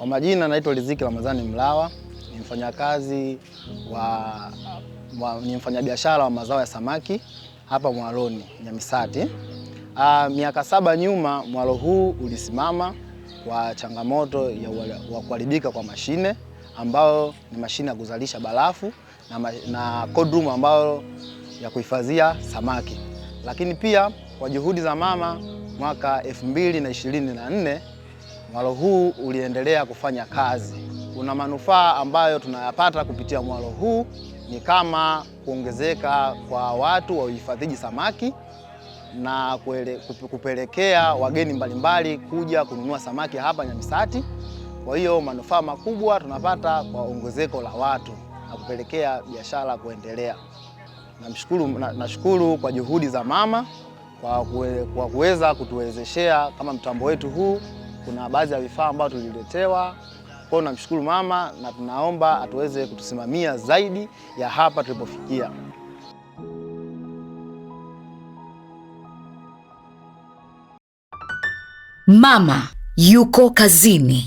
Kwa majina naitwa Riziki Ramadhani Mlawa, ni mfanyakazi wa, wa, ni mfanyabiashara wa mazao ya samaki hapa mwaloni Nyamisati. Uh, miaka saba nyuma mwalo huu ulisimama kwa changamoto ya wa kuharibika kwa mashine ambayo ni mashine ya kuzalisha barafu na, na cold room ambayo ya kuhifadhia samaki, lakini pia kwa juhudi za mama mwaka 2024 Mwalo huu uliendelea kufanya kazi. Kuna manufaa ambayo tunayapata kupitia mwalo huu ni kama kuongezeka kwa watu wa uhifadhiji samaki na kuele, kupelekea wageni mbalimbali kuja kununua samaki hapa Nyamisati. Kwa hiyo manufaa makubwa tunapata kwa ongezeko la watu na kupelekea biashara kuendelea. Namshukuru, nashukuru na kwa juhudi za mama kwa kuweza kutuwezeshea kama mtambo wetu huu kuna baadhi ya vifaa ambavyo tuliletewa. Kwa hiyo namshukuru mama na tunaomba atuweze kutusimamia zaidi ya hapa tulipofikia. Mama yuko kazini.